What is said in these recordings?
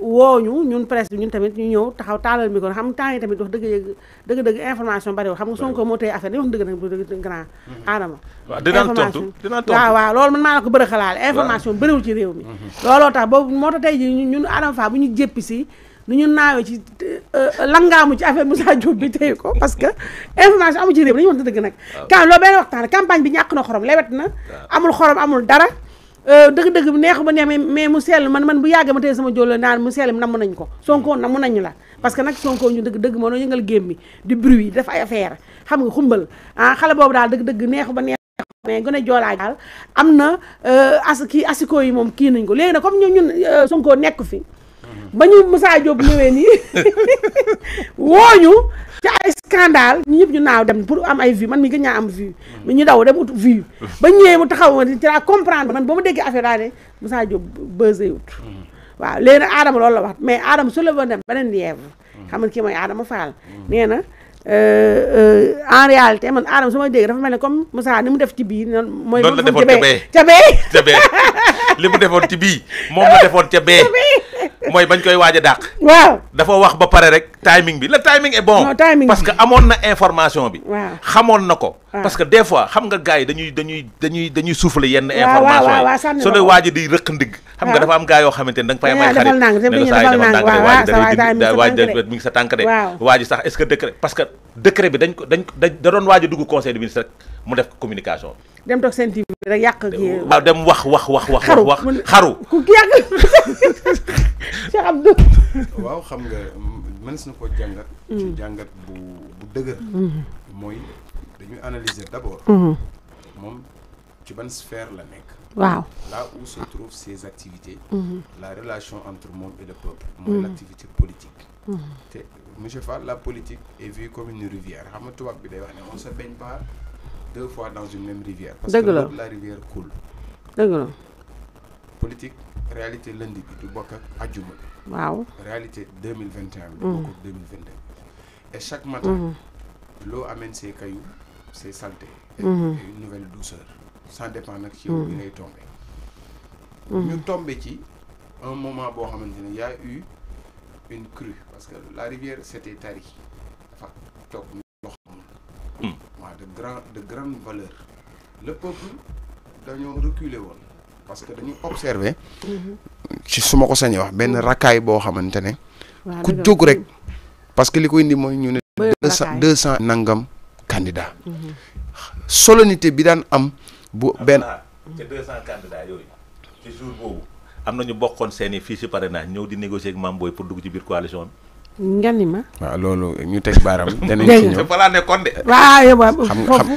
wooñu ñun presse bi ñun tamit ñu ñëw taxaw taalal micro xam temps tamit wax dëgg dëgg information bari xam nga Sonko mhm. ko mhm. moo tax tey euh, euh, dañu wax dëgg nag quand loolu benn waxtaan campagne bi ñàkk na xorom lewet na amul xorom amul dara Euh, dëgg-dëgg neexuma neex mais mu sell man man bu yàggee ma tey sama jóola naan mu sell namm nañ ko Sonko namm nañu la parce que nag Sonko ñu dëgg-dëgg moo doon yëngal géem mi di bruit yi def ay affaire xam nga xumbal ah xale boobu daal dëgg-dëgg ba neex mais gën a joolaa daal am na euh, as kii asiko yi moom kii nañ ko léegi nag comme ñun euh, Sonko nekk fi ba ñu Moussa Diop ñëwee nii wooñu ci ay scandale ñu ñëpp ñu naaw dem pour am ay vues man mi gën ñaa am vue mm. ñu daw dem ut vue ba ñëwee mu taxaw ma ci laa comprendre man ba ma déggee affaire daa ne Moussa mm. waaw léegi nag loolu la wax mais Adama su dem beneen lièvre mm. xam nga kii mooy Adama Fall na euh, euh, en réalité man Adama su ma dégg dafa ne comme Moussa ni mu def ci bii noonu mooy noonu la defoon ca bee ca bee li mu defoon moom la defoon ca bee mooy bañ koy waaj a dàq. waaw dafa wax ba pare rek timing bi le timing est bon. parce que amoon na information bi. waaw xamoon na ko. parce que des fois xam nga gars yi dañuy dañuy dañuy dañuy souffler yenn. information yi su dee waaj di rëq ndig. xam nga dafa am gars yoo am ay xarit ne la saa yi defal nànk de waaj mi ngi sa que décret parce que décret bi doon waaj a dugg conseil des ministres rek mu def communication dem wax seen wax wax wax wax wax xaru ku yàq Cheikh Abdou. waaw xam nga man na ko jàngat. ci mm. jàngat bu bu dëgër. Mm. mooy dañuy analyser d'abord. Mm-hmm. moom ci ban sphère la nekk. waaw là où se trouvent ses activités. Mm-hmm. la relation entre monde et le peuple. mooy mm-hmm. l'activité politique. te monsieur Fall la politique est vue comme une rivière xam nga tubaab bi day wax ne on se baigne pas deux fois dans une même rivière. parce que la rivière coule. dëgg la politique réalité lundi bi du bokk ak ajjuma réalité 2021, et mhm. et chaque matin. Mhm. l'eau amène ses cailloux ses saletés. Mhm. une nouvelle douceur. ça dépend de ci yow bi ngay tombé. ñu tombé ci un moment boo xamante y a eu une crue parce que la rivière c'était tari dafa toog loo xam. Hmm. de grand de grande valeur. le peuple dañoo reculé. parce que dañu observer ci su ma ko sañee wax benn rakkaay boo xamante ne ku jóg rek parce que li indi mooy ñu ne deux nangam candidat mhm. solennité bi daan am bu ben, ca kandida cent candidat ci jour am ñu bokkoon seen i si parrainage ñëw di négocier ak Mame Boye pour dugg ci biir coalition bi ngani ma waaw loolu ñu teg baaram danañ ci ñëw fa de xam xam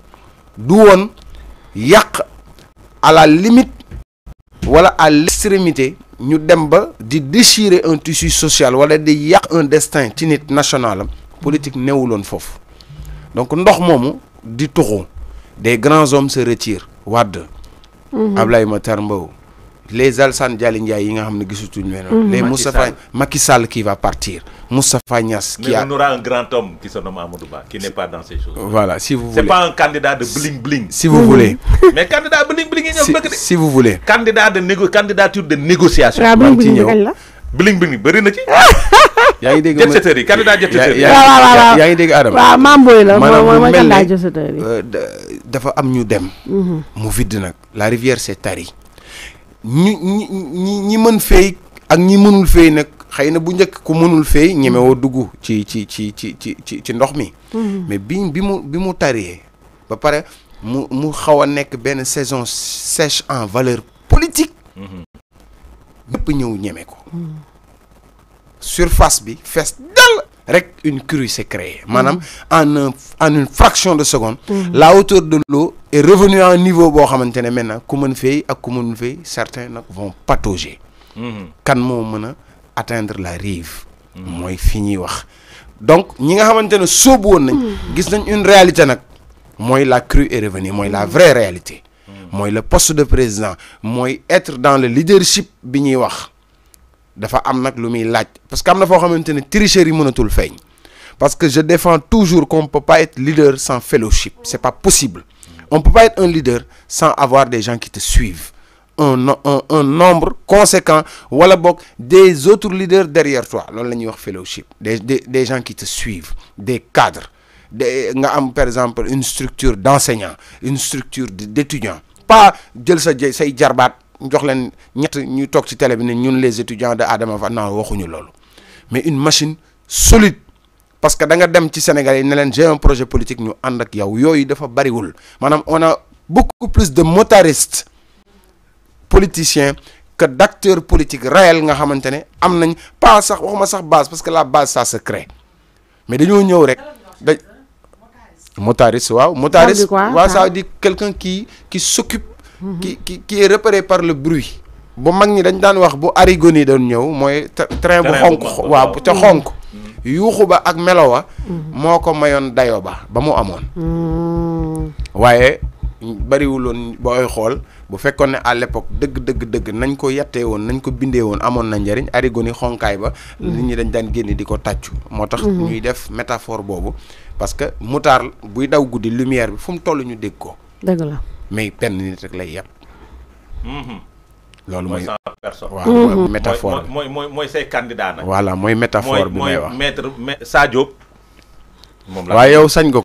du yak yàq à la limite wala à l'extrémité ñu dem ba di déchirer un tissu social wala di yak un destin tinit national politique newuloon fof donc ndox momu di tuxu des grands hommes se retirent Wade mhm. Ablaye Matar les Alsan Dialy Ndiaye yi nga xam ne gisutuñu leen. Mm-hmm. les Moustapha Macky Sall qui va partir Moustapha Niass. qui a mais on aura un grand homme qui s'appelle nomme Ba qui n'est pas dans ces choses. voilà si vous voulez c'est pas un candidat de bling bling. si vous voulez. Mm-hmm. mais candidat bling bling yi ñoom bëgg si vous voulez. candidat de négo candidature de négociation. waaw bling bling bling bling bari na ci. yaa ngi dégg yi candidat jëtëtër yi. waaw yaa ngi dégg Adama. waaw maam booy la mo mooy candidat jëtëtër yi euh, dafa am ñu dem. Mm-hmm. mu vide nak la rivière s'est tarie ñi ñi ñi ni mën fay ak ñi mënul fay nak xeyna bu ñëk ku mënul fay ñemewoo dugg ci ci ci ci ci ci ci ndox mi. Mhm. mais bi bi mu bi mu tariyee ba paré mu mu xawa nek ben saison sèche en valeur politique. Mhm. ñëpp ñëw ñëmé ko. Mhm. surface bi fess dal une crue s'est créée mhm. en en une fraction de seconde mhm. la hauteur de l'eau est revenue à un niveau où maintenant certains vont patauger Quand mhm. moo mën atteindre la rive mooy fi fini wax donc nous nga xamante une réalité nak. la crue est revenue Moi, la vraie réalité Moi, le poste de président Moi, être dans le leadership biñi dafa am parce que am na parce que je défends toujours qu'on peut pas être leader sans fellowship c'est pas possible on peut pas être un leader sans avoir des gens qui te suivent un un, un nombre conséquent wala des autres leaders derrière toi loolu fellowship des des des gens qui te suivent des cadres par exemple une structure d'enseignants une structure d'étudiants pas jël sa say jox leen ñett ñu toog ci télé bi ne ñun les étudiants de Adama Fall non waxuñu loolu mais une machine solide parce que da nga dem ci Sénégal yi ne leen j'ai un projet politique ñu ànd ak yow yooyu dafa bariwul maanaam on a beaucoup plus de motaristes politiciens que d' acteurs politiques réels nga xamante ne am nañ pas sax waxuma sax base parce que la base ça se crée mais dañoo ñëw rek da motariste waaw motariste waaw ça veut dire quelqu'un qui qui s'occupe qui est repéré par le bruit. Si on dañ arigoni vu train bu vu mm. mm. ak melowa mm. ko ba ba waaye xol bu fekkone à l'époque deug deug ko nañ ko amon na arigoni ba. ñi dañ dan def métaphore parce que Moutar, buy daw goudi lumière bi fum tollu ñu mais benn nit rek lay yàpp. Mm-hmm. loolu mooy personne waaw mm-hmm. mooy mooy mooy say candidat nag. voilà mooy métaphore bi may wax mooy maître Sa Diop. waaye yow sañ nga